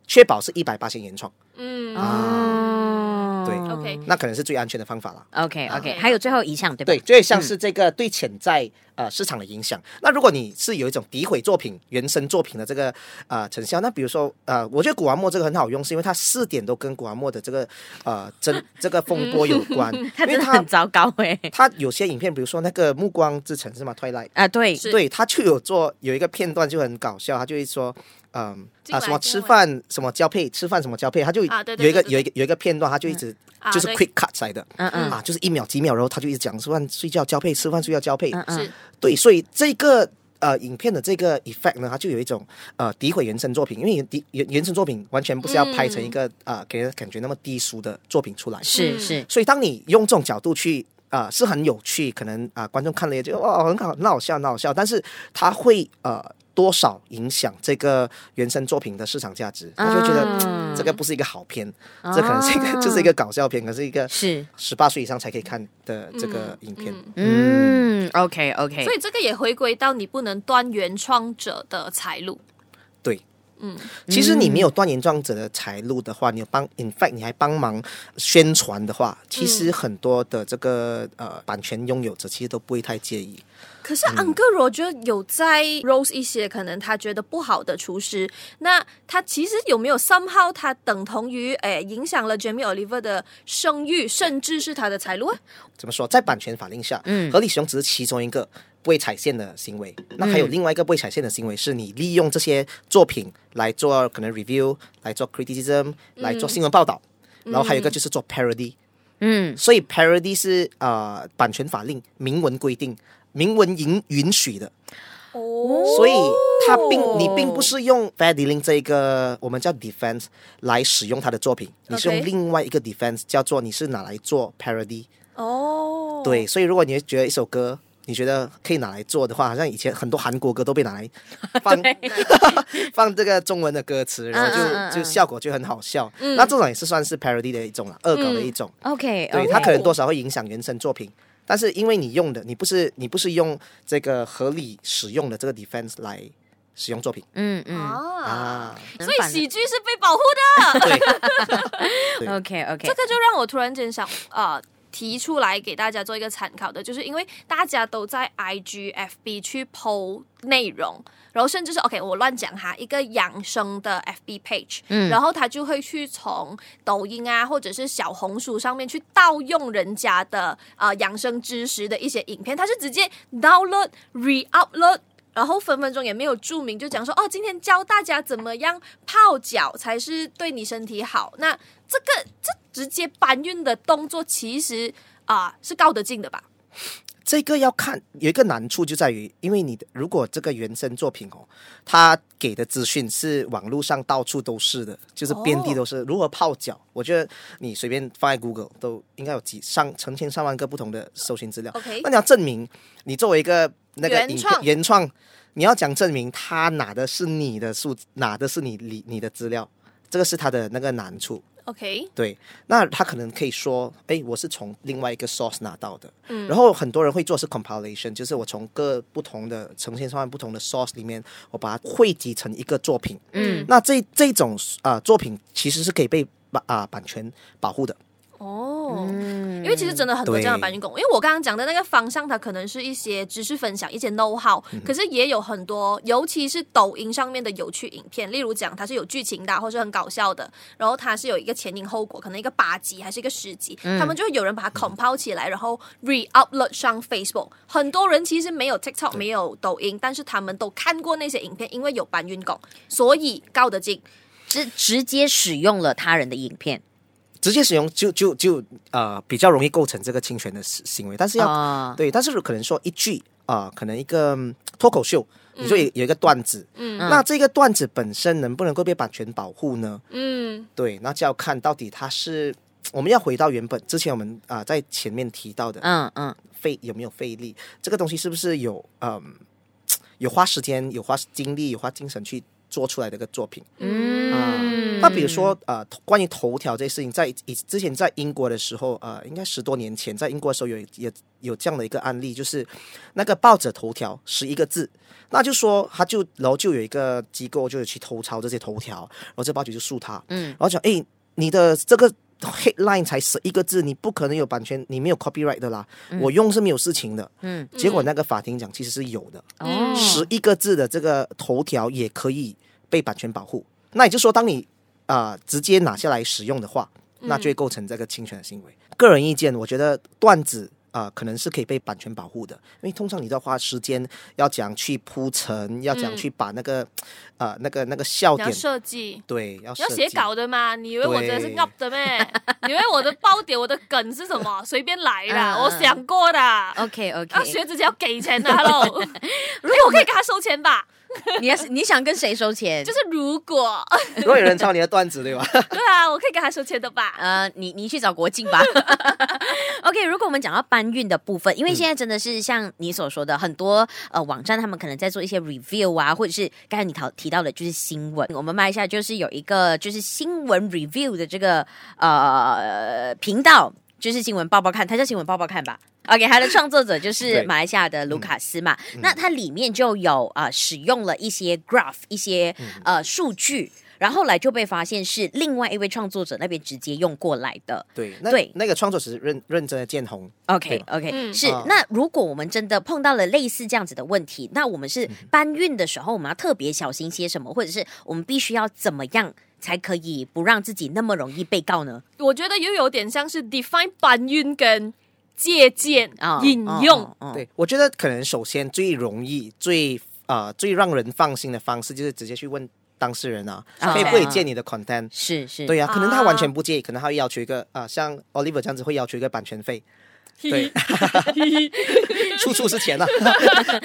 Speaker 3: 確保是100%原創，嗯啊
Speaker 2: ，uh, okay.
Speaker 3: 對，OK，那可能是最安全的方法了。OK OK，、uh, 還有最後一項對不對？對，就像是這個對潛在。嗯呃，市場的影響。那如果你是有一種詆毀作品、原生作品的這個呃成效，那比如說呃，我覺得谷阿莫這個很好用，是因為它四點都跟谷阿莫的這個呃真這個風波有關，嗯、因為他很糟糕哎。有些影片，比如說那個《暮光之城》是嗎？Twilight 啊，對對，他就是有做有一個片段就很搞笑，他就會說嗯啊什麼吃飯什麼交配，吃飯什麼交配，他就有一個有有一個片段，他就一直、啊、就是 quick cut 來的，啊，嗯、啊，就是一秒幾秒，然後他就一直講吃飯睡覺交配吃飯睡覺交配，嗯嗯。嗯對，所以這個呃影片的這個 effect 呢，它就有一種呃詆毀原生作品，因為原的原原生作品完全不是要拍成一個啊給人感覺那麼低俗的作品出來。是是，是所以當你用這種角度去啊、呃，是很有趣，可能啊、呃、觀眾看了也就哦很好很好笑很好笑，但是他會呃。多少影響這個原生作品的市場價值。他就覺得、嗯、這個不是一個好片，這可能是一個就、啊、是一個搞笑片，可是一個是十八歲以上才可以看的這個影片。嗯，嗯，嗯，OK OK，所以這
Speaker 2: 個也回歸到你不能斷原創者的財路，對。嗯，其實你沒有
Speaker 3: 斷言作者的財路的話，你幫，in fact，你還幫忙宣傳的話，其實很多的這個呃版權擁有者其實都不會太介意。
Speaker 2: 可是 Uncle Roger 有在 roast 一些可能他覺得不好的廚師，那他其實有沒有 somehow 他等同於哎影響了 Jamie Oliver 的聲譽，甚至是他的財路啊？
Speaker 3: 怎麼說，在版權法令下，嗯，合理使用只是其中一個。未踩線的行為，那還有另外一個未踩線的行為，是你利用這些作品來做可能 review，來做 criticism，來做新聞報道，嗯、然後還有一個就是做 parody。嗯，所以 parody 是啊、呃，版權法令明文規定，明文允允許的。
Speaker 2: 哦，所以它並你並不是
Speaker 3: 用 fair dealing 這一個我們叫 defense 來使用它的作品，你是用另外一個 defense 叫做你是拿來做 parody。哦，
Speaker 2: 對，
Speaker 3: 所以如果你覺得一首歌。你覺得可以拿來做的話，好像以前很多韓國歌都被拿來放對 放這個中文的歌詞，然後就就效果就很好笑。嗯、那這種也是算是 parody 的一種了，嗯、惡搞的一種。嗯、
Speaker 1: OK，okay 對，它可能多
Speaker 3: 少會影響原生作品，哦、但是因為你用的，你不是你不是用這個合理使用的這個 defense 來使用作品。嗯嗯啊啊，哦、所，以所
Speaker 2: 以喜劇是被保護的。 對， 對
Speaker 1: ，OK OK，這個
Speaker 2: 就讓我突然間想啊。提出來給大家做一個參考的，就是因為大家都在 IG、FB 去 Po 內容，然後甚至是 OK，我亂講哈，一個養生的 FB page，嗯、然後他就會去從抖音啊，或者是小紅書上面去盜用人家的啊、呃、養生知識的一些影片，他是直接 download re、reupload。然後分分鐘也沒有注明，就講說哦，今天教大家怎麼樣泡腳才是對你身體好。那這個這直接搬運的動作，其實啊、呃、是告得進的吧？
Speaker 3: 這個要看有一個難處就在於，因為你的如果這個原生作品哦，他給的資訊是網絡上到處都是的，就是遍地都是、哦、如何泡腳。我覺得你隨便放在 Google 都應該有幾上成千上萬個不同的搜尋資料。OK，那你要證明你作為一個。那個原創，原創，你要講證明他拿的是你的數，拿的是你你你的資料，這個是他的那個難處。OK，對，那他可能可以說，哎，我是從另外一個 source 拿到的。嗯，然後很多人會做是 compilation，就是我從各不同的成千上萬不同的 source 裡面，我把它匯集成一個作品。嗯，那這這種啊、呃、作品其實是可以被把啊、呃、版權保護的。哦
Speaker 2: ，oh, 嗯、因為其實真的很多這樣的搬運工，對因為我剛剛講的那個方向，它可能是一些知識分享，一些 know how，、嗯、哼可是也有很多，尤其是抖音上面的有趣影片，例如講它是有劇情的，或是很搞笑的，然後它是有一個前因後果，可能一個八集還是一個十集，嗯、他們就會有人把它 compile 起來，然後 re upload 上 Facebook。很多人其實沒有 TikTok 對沒有抖音，但是他們都看過那些影片，因為有搬運工，所以告得進，
Speaker 1: 直直接使用了他人的影片。
Speaker 3: 直接使用就就就呃比較容易構成這個侵權的行行為，但是要、哦、對，但是可能說一句啊、呃，可能一個脫口秀，嗯、你說有有一個段子，嗯嗯、那這個段子本身能不能夠被版權保護呢？嗯，對，那就要看到底它是我們要回到原本之前我們啊、呃、在前面提到的，嗯嗯，費、嗯、有沒有費力，這個東西是不是有嗯、呃、有花時間有花精力有花精神去。做出來的一個作品，嗯、呃，那比如說啊、呃，關於頭條這些事情，在以之前在英國的時候，呃，應該十多年前在英國的時候有有有這樣的一個案例，就是那個報紙頭條十一個字，那就說他就然後就有一個機構就去偷抄這些頭條，然後這報紙就訴他，嗯，然後講哎、欸、你的這個。Headline 才十一個字，你不可能有版權，你沒有 copyright 的啦。嗯、我用是沒有事情的。嗯，結果那個法庭講其實是有的。哦、嗯，十一個字的這個頭條也可以被版權保護。那也就是說，當你啊、呃、直接拿下來使用的話，那就會構成這個侵權的行為。嗯、個人意見，我覺得段子。啊、呃，可能是可以被版權保護的，因為通常你在花時間要講去鋪陳，要講去把那個啊、嗯呃，那個那個笑點設計，要對，要寫稿
Speaker 2: 的嘛？你以為我真的是 UP 的咩？對 你以為我的爆點、我的梗是什麼？隨便來的？嗯嗯，我想過的。OK OK，他、啊、學之前要給錢的，Hello，如果我可以給他收錢吧？ 你要是你想跟誰收錢？就是如果
Speaker 1: 如果有人
Speaker 3: 抄你的段子，對吧？
Speaker 2: 對啊，我可以跟他收錢的吧？
Speaker 1: 呃，你你去找國勁吧。 OK，如果我們講到搬運的部分，因為現在真的是像你所說的，很多呃網站他們可能在做一些 review 啊，或者是剛才你討提到的，就是新聞。我們馬來西亞，就是有一個就是新聞 review 的這個呃頻道。就是新聞報報看，他叫新聞報報看吧。OK，他的創作者就是馬來西亞的盧卡斯嘛。嗯嗯、那它裡面就有啊、呃，使用了一些 graph，一些呃數據，嗯、然後來就被發現是另外一位創作者那邊直接用過來的。對，
Speaker 3: 對，那，對那個創作者是認認真的見紅。OK，OK，okay, 嗎、okay, 是、嗯、那
Speaker 1: 如果我們真的碰到了類似這樣子的問題，那我們是搬運的時候，我們要特別小心些什麼，或者是我們必須要怎麼樣？才可以不讓自己那麼容易被告呢？
Speaker 2: 我覺得又有點像是 define 搬運跟借鑑啊，引用。Oh, oh, oh,
Speaker 3: oh. 對，我覺得可能首先最容易、最啊、呃、最讓人放心的方式就是直接去問當事人啊，oh, 可以不可以借你的 content？是 okay ,、oh. 是，是對呀、啊，可能他完全不介意，oh. 可能他要求一個啊、呃，像 Oliver 這樣子會要求一個版權費。對，處處 是錢啊！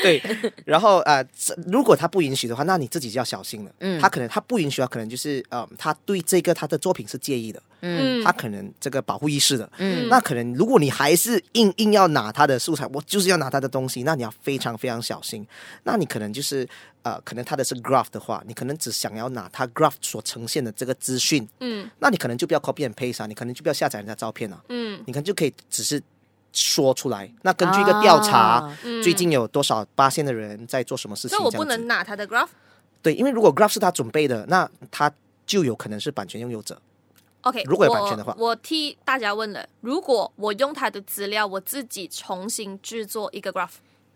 Speaker 3: 對，然後啊、呃，如果他不允許的話，那你自己就要小心了。嗯，他可能他不允許啊，可能就是呃，他對這個他的作品是介意的。嗯，他可能這個保護意識的。嗯，那可能如果你還是硬硬要拿他的素材，我就是要拿他的東西，那你要非常非常小心。那你可能就是呃，可能他的是 graph 的話，你可能只想要拿他 graph 所呈現的這個資訊。嗯，那你可能就不要 copy and paste 啊，你可能就不要下載人家照片啊。嗯，你看就可以只是。說出來，那根據一個調查，啊嗯、最近有多少巴仙的人在做什麼事情？那我不能
Speaker 2: 拿他的 graph，
Speaker 3: 對，因為如果 graph 是他準備的，那他就有可能是版權擁有者。
Speaker 2: OK，如果有版權的話我，我替大家問了，如果我用他的資料，我自己重新制作一個 graph。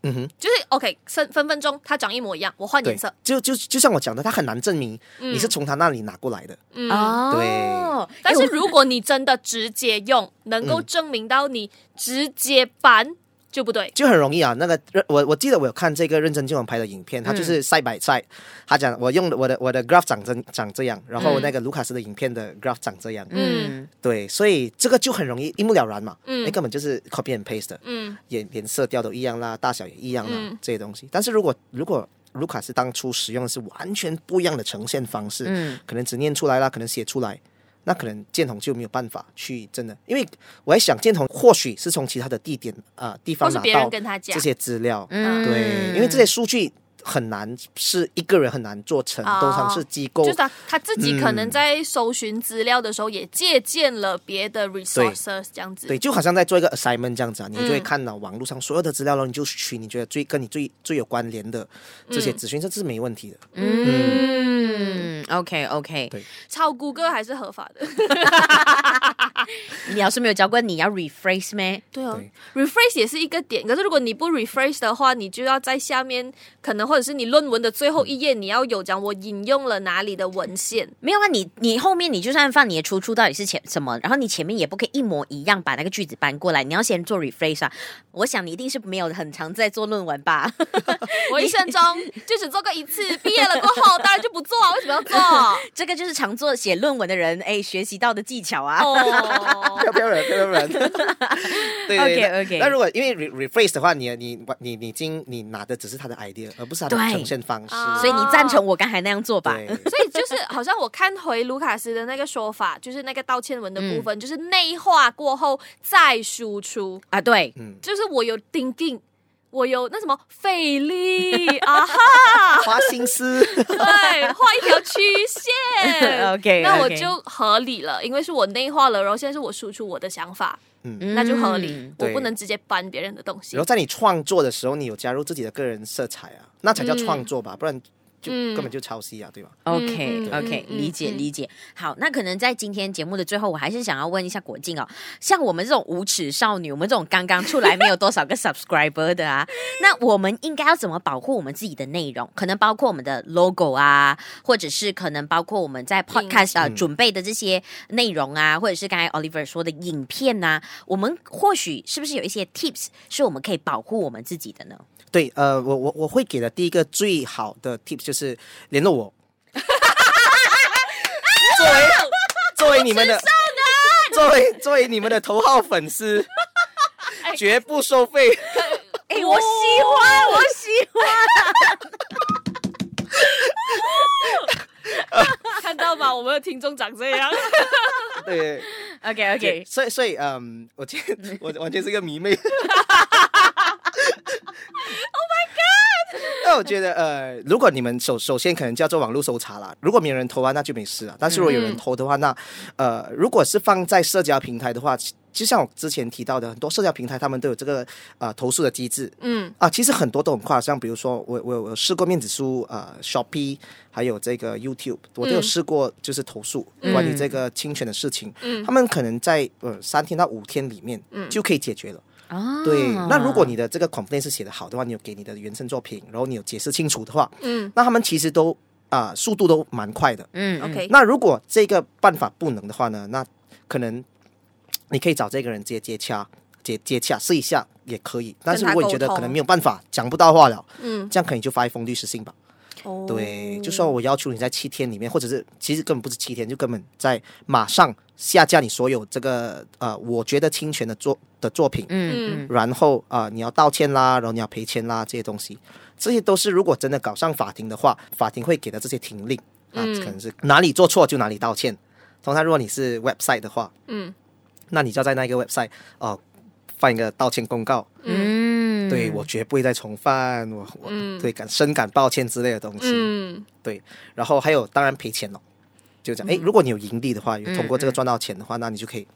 Speaker 2: 嗯哼，就是 OK，分分分鐘他長一模一樣，我換顏色，
Speaker 3: 就就就像我講的，他很難證明你是從他那裡拿過來的，嗯，嗯對。
Speaker 2: 但是如果你真的直接用，欸、能夠證明到你直接搬。就不對，就很
Speaker 3: 容易啊。那個認我我記得我有看這個認真勁王拍的影片，他就是 side by side，他講我用的我的我的 graph 長這長這樣，然後那個盧卡斯的影片的 graph 長這樣，嗯，對，所以這個就很容易一目了然嘛，那、嗯欸、根本就是 copy and paste 的嗯，顏顏色調都一樣啦，大小也一樣啦，嗯、這些東西。但是如果如果盧卡斯當初使用的是完全不一樣的呈現方式，嗯、可能只念出來啦，可能寫出來。那可能建童就沒有辦法去真的，因為我在想建童或許是從其他的地點啊、呃、地方拿到這些資料，對，嗯、因為這些數據。很難是一個人很難做成，通常是機構。就是
Speaker 2: 他他自己可能在搜尋資料的時候，也借鑑了別的 resources 這樣子。對，就好像在
Speaker 3: 做一個 assignment 這樣子啊，你就會看到網絡上所有的資料咯，你就取你覺得最跟你最最有關聯的這些資訊，這是沒問題的。嗯，OK OK，對，
Speaker 2: 抄谷歌還是合法的。
Speaker 1: 你要是沒有教過你要 rephrase 咩？
Speaker 2: 對哦。rephrase 也是一個點。可是如果你不 rephrase 的話，你就要在下面可能。或者是你論文的最後一頁，你要有講我引用了哪裡的文獻？
Speaker 1: 沒有啊，你你後面你就算放你的出處到底是前什麼，然後你前面也不可以一模一樣把那個句子搬過來。你要先做 rephrase、啊。我想你一定是沒有很常在做論文吧？ 你 我一生中
Speaker 2: 就只做過一次， 畢業了過後當然就不做啊。為什麼要做、
Speaker 1: 啊？ 這個就是常做寫論文的人哎學習到的技巧啊。哦，要
Speaker 3: 不要人，不要 o 對對對 Okay, okay.。那如果因為 rephrase 的話，你你你你經你，你拿的只是他的 idea，而不是。對，所以你贊成我剛才那樣做吧？
Speaker 2: 所以就是好像我看回盧卡斯的那個說法，就是那個道歉文的部分，就是內化過後再輸出
Speaker 1: 啊。對，
Speaker 2: 就是我有釘釘，我有那什麼費力，啊哈，花心思，對，畫一條曲線。OK，那我就合理了，因為是我內化了，然後現在是我輸出我的想法。
Speaker 3: 嗯，那就合理。嗯、我不能直
Speaker 2: 接搬別人的東西。然後在你
Speaker 3: 創作的時候，你有加入自己的個人色彩啊，那才叫創作吧，嗯、不然。就根本就抄襲啊，對吧？OK OK，對理解理解。
Speaker 1: 好，那可能在今天節目的最後，我還是想要問一下國勁哦，像我們這種無恥少女，我們這種剛剛出來沒有多少個 subscriber 的啊， 那我們應該要怎麼保護我們自己的內容？可能包括我們的 logo 啊，或者是可能包括我們在 podcast 啊、嗯、準備的這些內容啊，或者是剛才 Oliver 說的影片啊，我們或許是不是有一些 tips 是我們可以保護我們
Speaker 3: 自己的呢？對，呃，我我我會給的第一個最好的 tips。就是聯絡我， 作為作為你們的，啊、的作為作為你們的頭號粉絲，
Speaker 1: 哎、
Speaker 3: 絕不收費哎。哎，
Speaker 1: 我喜
Speaker 2: 歡，我喜歡。 看到吧，我們的聽眾長這樣。
Speaker 3: 對
Speaker 2: ，OK OK。
Speaker 3: 所所以所以嗯，um, 我今我完全是個迷妹。 Oh my God！ 那我覺得，呃，如果你們首首先可能叫做網絡搜查啦，如果沒有人投啊，那就沒事了。但是如果有人投的話，嗯、那呃，如果是放在社交平台的話，就像我之前提到的，很多社交平台他們都有這個呃投訴的機制，嗯，啊，其實很多都很快，像比如說我我有試過面子書啊、呃、Shopee 還有這個 YouTube，我都有試過，就是投訴、嗯、關於這個侵權的事情，嗯，他們可能在呃三天到五天裡面，就可以解決了。嗯啊， 對，那如果你的這個 complaint 寫的好的話，你有給你的原生作品，然後你有解釋清楚的話，嗯，那他們其實都啊、呃、速度都蠻快的，嗯，OK。那如果這個辦法不能的話呢，那可能你可以找這個人接接洽，接接洽試一下也可以。但是如果你覺得可能沒有辦法講不到話了，嗯，這樣可能就發一封律師信吧。Oh. 對，就算我要求你在七天裡面，或者是其實根本不是七天，就根本在馬上下架你所有這個呃，我覺得侵權的作的作品，嗯、mm，hmm. 然後啊、呃，你要道歉啦，然後你要賠錢啦，這些東西，這些都是如果真的搞上法庭的話，法庭會給的這些庭令啊，mm hmm. 可能是哪裡做錯就哪裡道歉。通常如果你是 website 的話，嗯、mm，hmm. 那你就要在那個 website 哦、呃，放一個道歉公告，嗯、mm。Hmm. 對，我絕不會再重犯，我我、嗯、對，感深感抱歉之類的東西。嗯、對，然後還有當然賠錢嘍，就講，嗯、誒，如果你有盈利的話，有通過這個賺到錢的話，嗯、那你就可以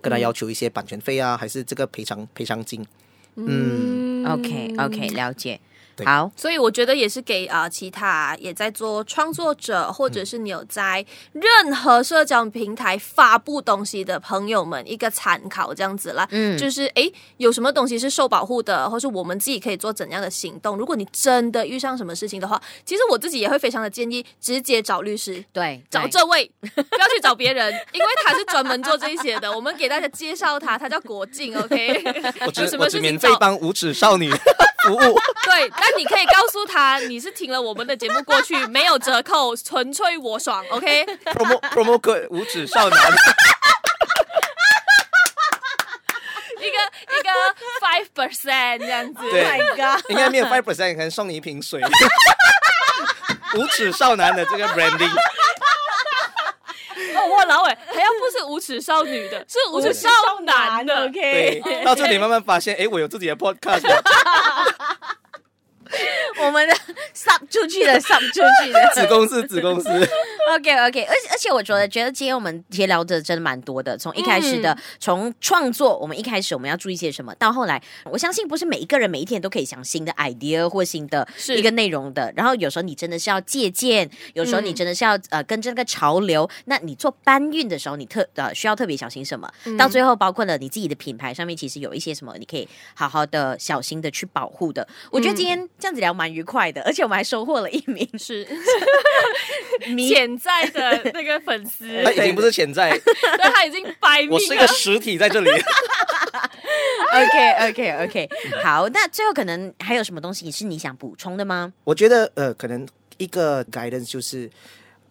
Speaker 3: 跟他要求一些版權費啊，嗯、還是這個賠償賠償金。嗯，
Speaker 2: 嗯，OK OK，了解。對好，所以我覺得也是給啊、呃、其他啊也在做創作者，或者是你有在任何社交平台發佈東西的朋友們一個參考，這樣子啦。嗯，就是哎，有什麼東西是受保護的，或是我們自己可以做怎樣的行動？如果你真的遇上什麼事情的話，其實我自己也會非常的建議直接找律師，對，對找這位，不要去找別人， 因為他是專門做這些的。我們給大家介紹他，他叫國勁，OK？我只有什麼事免費
Speaker 3: 幫無尺少女。 服務
Speaker 2: 對，那你可以告訴他你是聽了我們的節目過去沒有折扣，純粹我爽，OK？Promo
Speaker 3: Promo 無恥少男，一個一
Speaker 2: 個 five percent 這樣子，對、oh， 應該沒有 five
Speaker 3: percent，可能送你一瓶水。 無恥少男的這個 branding，、
Speaker 2: 哦、哇，老偉還要不是無恥少女的，是無恥少男的，少男的，OK？對 okay. 到這裡你
Speaker 3: 慢慢發現，哎、欸，我有自己的 podcast。
Speaker 1: 我們的上出去了，上出去了，子公司子公司。 OK，OK，okay, okay, 而且而且，我覺得覺得今天我們今天聊的真的蠻多的。從一開始的從創、嗯、哼作，我們一開始我們要注意些什麼，到後來，我相信不是每一個人每一天都可以想新的 idea 或新的一個內容的。是然後有時候你真的是要借鑑，有時候你真的是要、嗯、呃跟着那個潮流。那你做搬運的時候，你特呃需要特別小心什麼？嗯、到最後包括了你自己的品牌上面，其實有一些什麼你可以好好的小心的去保護的。嗯、我覺得今天這樣子聊蠻愉快的，而且我們還收穫了一名是。
Speaker 3: 免。 Me
Speaker 2: 現在的那個粉絲，他已經不是潛在，對但他已經擺了，我是一個實
Speaker 3: 體在這裡。
Speaker 1: OK，OK，OK，okay, okay, okay. 好，那最後可能還有什麼東西也是你想補充的嗎？
Speaker 3: 我覺得呃，可能一個概念就是，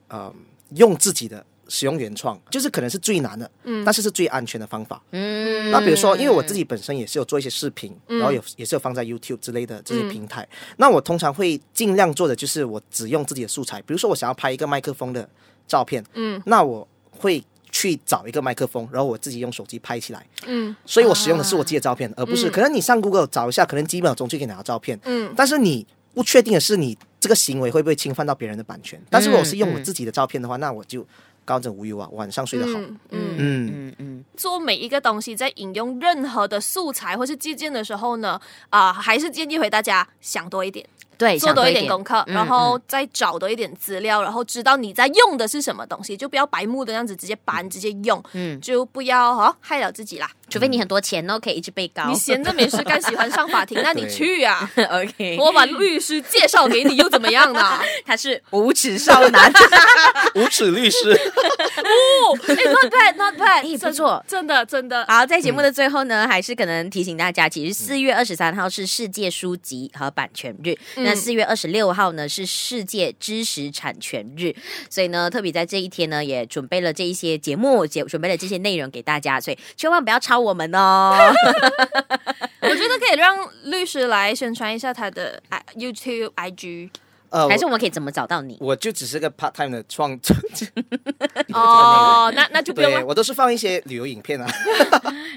Speaker 3: 嗯、呃，用自己的。使用原創就是可能是最難的，但是是最安全的方法。嗯，那比如說，因為我自己本身也是有做一些視頻，然後有也是有放在 YouTube 之類的這些平台。那我通常會儘量做的就是，我只用自己的素材。比如說，我想要拍一個麥克風的照片，嗯，那我會去找一個麥克風，然後我自己用手機拍起來，嗯。所以我使用的是我自己的照片，而不是可能你上 Google 找一下，可能幾秒鐘就可以拿到照片，嗯。但是你不確定的是，你這個行為會不會侵犯到別人的版權。但是如果是用我自己的照片的話，那我就。高枕無憂啊，晚上睡得好。嗯嗯嗯嗯，嗯嗯嗯，
Speaker 2: 做每一個東西，在引用任何的素材或是借鑒的時候呢，啊、呃，還是建議回大家想多一點。對，做多一點功課，然後再找多一點資料，然後知道你在用的是什麼東西，就不要白目的樣子直接搬直接用，嗯，就不要哦害了自己啦。除非你很多錢都可以一直被告。你閒着沒事幹，喜歡上法庭，那你去啊，OK，我把律師介紹給你又怎麼樣呢？他是無恥少男，無恥律師。哦，哎，Not bad，Not bad，不錯，真的真的。
Speaker 1: 好，在節目的最後呢，還是可能提醒大家，其實四月二十三號是世界書籍和版權日。那四月二十六號呢，是世界知識產權日，所以呢，特別在這一天呢，也準備了這一些節目，節準備了這些內容給大家，所以千萬不要抄我們哦。 我
Speaker 2: 覺得可以讓律師來宣傳一下他的 YouTube IG。還是我們
Speaker 3: 可以怎麼找到你？我就只是個 part time 的創作。哦，那那就不用。我都是放一些旅遊影片啊。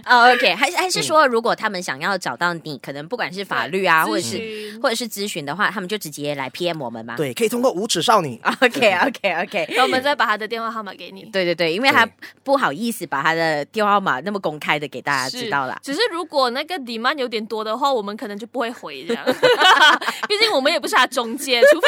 Speaker 1: OK，還是還是說，如果他們想要找到你，可能不管是法律啊，或者是或者是諮詢的話，他們就直接來 PM 我們嗎？對，
Speaker 3: 可以通過無尺少女。
Speaker 1: OK OK OK，那我們再
Speaker 2: 把他的電話號碼給你。
Speaker 1: 對對對，因為他不好意思把他的電話號碼那麼公開的給大家知道啦。只是
Speaker 2: 如果那個 demand 有點多的話，我們可能就不會回這樣。畢竟我們也不是他中介，除非。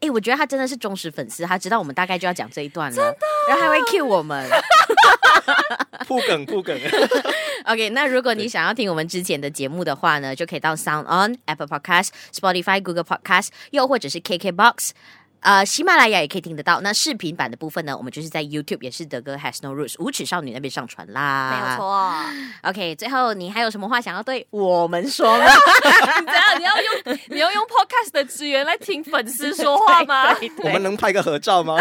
Speaker 1: 哎，我覺得他真的是忠實粉絲，他知道我們大概就要講這一段了，真的然後還會 cue 我們，鋪梗鋪梗。
Speaker 2: 梗 OK，那
Speaker 1: 如果你想要聽我們之前的節目的話呢，對就可以到 Sound On、Apple Podcast、Spotify、Google Podcast，又或者是 KK Box。呃，喜馬拉雅也可以聽得到。那視頻版的部分呢，我們就是在 YouTube 也是德哥 has no rules 無尺少女那邊上傳啦。沒有錯哦。OK，最後你還有什麼話想要對我們說嗎？ 你，你
Speaker 2: 要用你要用 podcast 的資源來聽粉絲說話嗎？ 我們
Speaker 3: 能拍個合照嗎？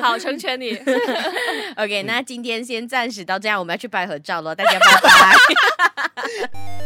Speaker 2: 好，成全你。
Speaker 1: OK，那今天先暫時到這樣，我們要去拍合照咯，大家拜拜。